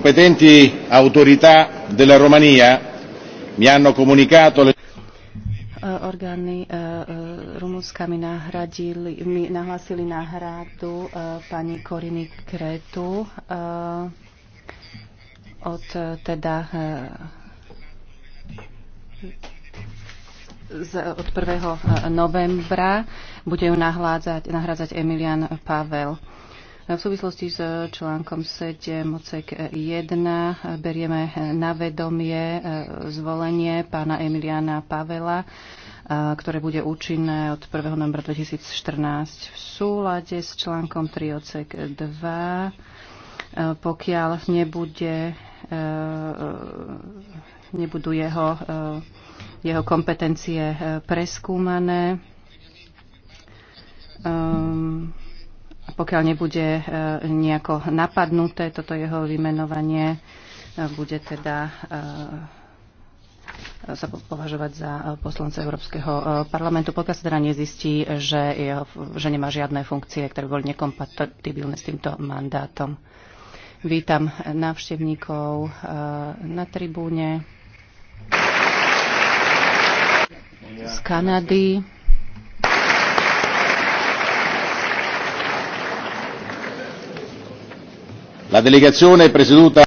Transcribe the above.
competenti autorità della Romania mi hanno comunicato le eh, orgány uh, eh, eh, Rumúnska mi, mi nahlásili náhradu uh, pani Koriny Kretu uh, od teda uh, z, od 1. novembra bude ju nahrádzať Emilian Pavel. V súvislosti s článkom 7 odsek 1 berieme na vedomie e, zvolenie pána Emiliana Pavela e, ktoré bude účinné od 1. novembra 2014 v súlade s článkom 3 odsek 2, e, pokiaľ nebude, nebudú jeho, jeho kompetencie preskúmané pokiaľ nebude e, nejako napadnuté toto jeho vymenovanie, e, bude teda e, sa považovať za poslanca Európskeho parlamentu, pokiaľ sa teda nezistí, že, je, že nemá žiadne funkcie, ktoré boli nekompatibilné s týmto mandátom. Vítam návštevníkov na tribúne z Kanady. la delegazione presieduta